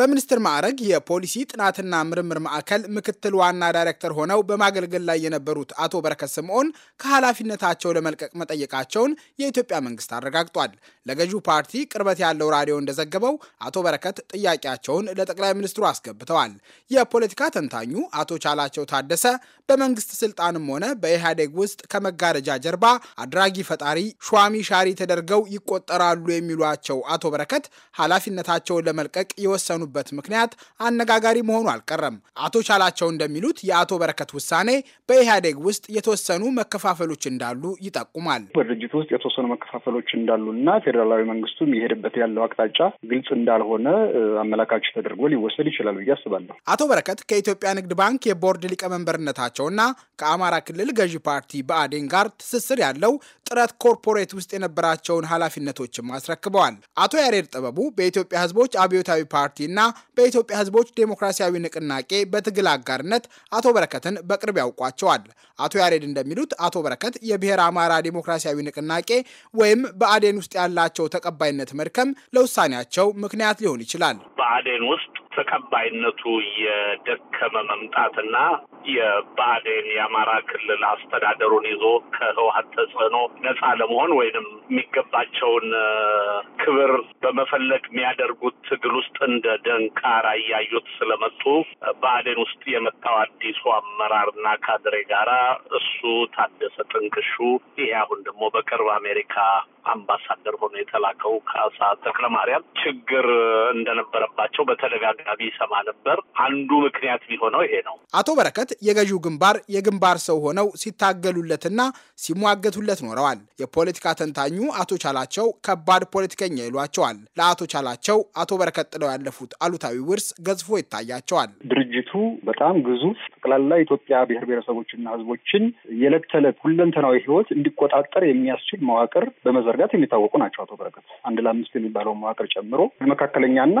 በሚኒስትር ማዕረግ የፖሊሲ ጥናትና ምርምር ማዕከል ምክትል ዋና ዳይሬክተር ሆነው በማገልገል ላይ የነበሩት አቶ በረከት ስምዖን ከኃላፊነታቸው ለመልቀቅ መጠየቃቸውን የኢትዮጵያ መንግስት አረጋግጧል። ለገዢው ፓርቲ ቅርበት ያለው ራዲዮ እንደዘገበው አቶ በረከት ጥያቄያቸውን ለጠቅላይ ሚኒስትሩ አስገብተዋል። የፖለቲካ ተንታኙ አቶ ቻላቸው ታደሰ በመንግስት ስልጣንም ሆነ በኢህአዴግ ውስጥ ከመጋረጃ ጀርባ አድራጊ ፈጣሪ ሿሚ ሻሪ ተደርገው ይቆጠራሉ የሚሏቸው አቶ በረከት ኃላፊነታቸውን ለመልቀቅ የወሰኑ የሆኑበት ምክንያት አነጋጋሪ መሆኑ አልቀረም። አቶ ቻላቸው እንደሚሉት የአቶ በረከት ውሳኔ በኢህአዴግ ውስጥ የተወሰኑ መከፋፈሎች እንዳሉ ይጠቁማል። በድርጅቱ ውስጥ የተወሰኑ መከፋፈሎች እንዳሉና ፌዴራላዊ መንግስቱ የሄደበት ያለው አቅጣጫ ግልጽ እንዳልሆነ አመላካች ተደርጎ ሊወሰድ ይችላል ብዬ አስባለሁ። አቶ በረከት ከኢትዮጵያ ንግድ ባንክ የቦርድ ሊቀመንበርነታቸውና ከአማራ ክልል ገዢ ፓርቲ በአዴን ጋር ትስስር ያለው ጥረት ኮርፖሬት ውስጥ የነበራቸውን ኃላፊነቶችም አስረክበዋል። አቶ ያሬድ ጥበቡ በኢትዮጵያ ህዝቦች አብዮታዊ ፓርቲና እና በኢትዮጵያ ህዝቦች ዴሞክራሲያዊ ንቅናቄ በትግል አጋርነት አቶ በረከትን በቅርብ ያውቋቸዋል። አቶ ያሬድ እንደሚሉት አቶ በረከት የብሔር አማራ ዴሞክራሲያዊ ንቅናቄ ወይም በአዴን ውስጥ ያላቸው ተቀባይነት መድከም ለውሳኔያቸው ምክንያት ሊሆን ይችላል። በአዴን ውስጥ ተቀባይነቱ የደከመ መምጣትና የባህዴን የአማራ ክልል አስተዳደሩን ይዞ ከህወሀት ተጽዕኖ ነጻ ለመሆን ወይንም የሚገባቸውን ክብር በመፈለግ የሚያደርጉት ትግል ውስጥ እንደ ደንቃራ እያዩት ስለመጡ ባህዴን ውስጥ የመጣው አዲሱ አመራርና ካድሬ ጋራ እሱ ታደሰ ጥንቅሹ፣ ይሄ አሁን ደግሞ በቅርብ አሜሪካ አምባሳደር ሆኖ የተላከው ካሳ ማርያም ችግር እንደነበረባቸው በተደጋጋሚ ይሰማ ነበር። አንዱ ምክንያት ቢሆነው ይሄ ነው። አቶ በረከት የገዢው ግንባር የግንባር ሰው ሆነው ሲታገሉለትና ሲሟገቱለት ኖረዋል። የፖለቲካ ተንታኙ አቶ ቻላቸው ከባድ ፖለቲከኛ ይሏቸዋል። ለአቶ ቻላቸው አቶ በረከት ጥለው ያለፉት አሉታዊ ውርስ ገዝፎ ይታያቸዋል። ድርጅቱ በጣም ግዙፍ ጠቅላላ ኢትዮጵያ ብሔር ብሔረሰቦችና ሕዝቦችን የዕለት ተዕለት ሁለንተናዊ ሕይወት እንዲቆጣጠር የሚያስችል መዋቅር በመዘር በመዘርጋት የሚታወቁ ናቸው። አቶ በረከት አንድ ለአምስት የሚባለው መዋቅር ጨምሮ መካከለኛና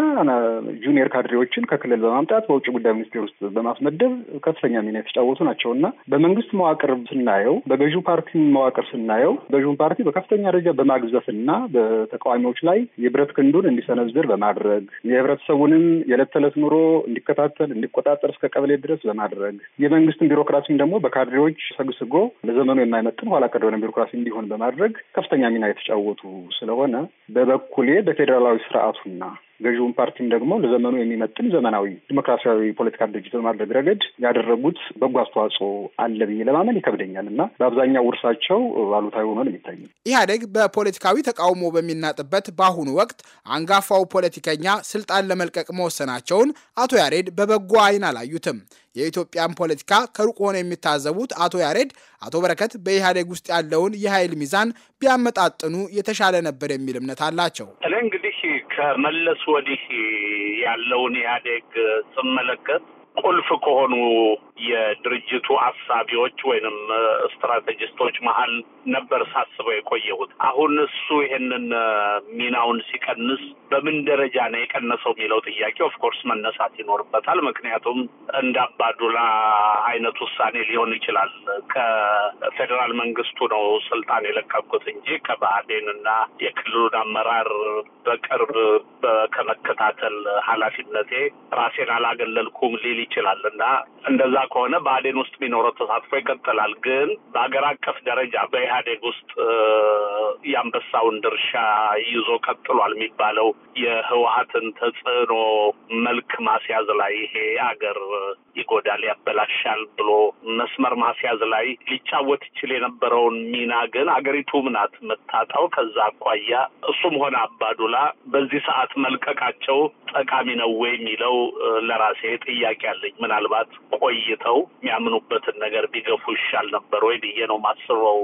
ጁኒየር ካድሬዎችን ከክልል በማምጣት በውጭ ጉዳይ ሚኒስቴር ውስጥ በማስመደብ ከፍተኛ ሚና የተጫወቱ ናቸው እና በመንግስት መዋቅር ስናየው፣ በገዢው ፓርቲ መዋቅር ስናየው ገዢውን ፓርቲ በከፍተኛ ደረጃ በማግዘፍና በተቃዋሚዎች ላይ የብረት ክንዱን እንዲሰነዝር በማድረግ የህብረተሰቡንም የዕለት ተዕለት ኑሮ እንዲከታተል እንዲቆጣጠር እስከ ቀበሌ ድረስ በማድረግ የመንግስትን ቢሮክራሲን ደግሞ በካድሬዎች ሰግስጎ ለዘመኑ የማይመጥን ኋላ ቀደሆነ ቢሮክራሲ እንዲሆን በማድረግ ከፍተኛ ሚና የተ የሚያጫወቱ ስለሆነ በበኩሌ በፌዴራላዊ ስርዓቱና ገዢውን ፓርቲም ደግሞ ለዘመኑ የሚመጥን ዘመናዊ ዲሞክራሲያዊ ፖለቲካ ድርጅት በማድረግ ረገድ ያደረጉት በጎ አስተዋጽኦ አለ ብዬ ለማመን ይከብደኛል እና በአብዛኛው ውርሳቸው አሉታዊ ሆኖ ነው የሚታይ። ኢህአዴግ በፖለቲካዊ ተቃውሞ በሚናጥበት በአሁኑ ወቅት አንጋፋው ፖለቲከኛ ስልጣን ለመልቀቅ መወሰናቸውን አቶ ያሬድ በበጎ አይን አላዩትም። የኢትዮጵያን ፖለቲካ ከሩቅ ሆነው የሚታዘቡት አቶ ያሬድ አቶ በረከት በኢህአዴግ ውስጥ ያለውን የኃይል ሚዛን ቢያመጣጥኑ የተሻለ ነበር የሚል እምነት አላቸው። ከመለስ ወዲህ ያለውን ኢህአዴግ ስመለከት ቁልፍ ከሆኑ የድርጅቱ አሳቢዎች ወይንም ስትራቴጂስቶች መሀል ነበር ሳስበው የቆየሁት። አሁን እሱ ይሄንን ሚናውን ሲቀንስ በምን ደረጃ ነው የቀነሰው የሚለው ጥያቄ ኦፍኮርስ መነሳት ይኖርበታል። ምክንያቱም እንደ አባዱላ አይነት ውሳኔ ሊሆን ይችላል። ከፌዴራል መንግስቱ ነው ስልጣን የለቀኩት እንጂ ከባህዴን እና የክልሉን አመራር በቅርብ ከመከታተል ኃላፊነቴ ራሴን አላገለልኩም ሊል ይችላል እና እንደዛ ከሆነ በአዴን ውስጥ የሚኖረው ተሳትፎ ይቀጥላል። ግን በሀገር አቀፍ ደረጃ በኢህአዴግ ውስጥ የአንበሳውን ድርሻ ይዞ ቀጥሏል የሚባለው የህወሀትን ተጽዕኖ መልክ ማስያዝ ላይ ይሄ አገር ይጎዳል፣ ያበላሻል ብሎ መስመር ማስያዝ ላይ ሊጫወት ይችል የነበረውን ሚና ግን አገሪቱ ምናት የምታጣው ከዛ አኳያ እሱም ሆነ አባዱላ በዚህ ሰዓት መልቀቃቸው ጠቃሚ ነው ወይ የሚለው ለራሴ ጥያቄ አለኝ። ምናልባት ቆይ አስረግጠው የሚያምኑበትን ነገር ቢገፉ ይሻል ነበር ወይ ብዬ ነው ማስበው።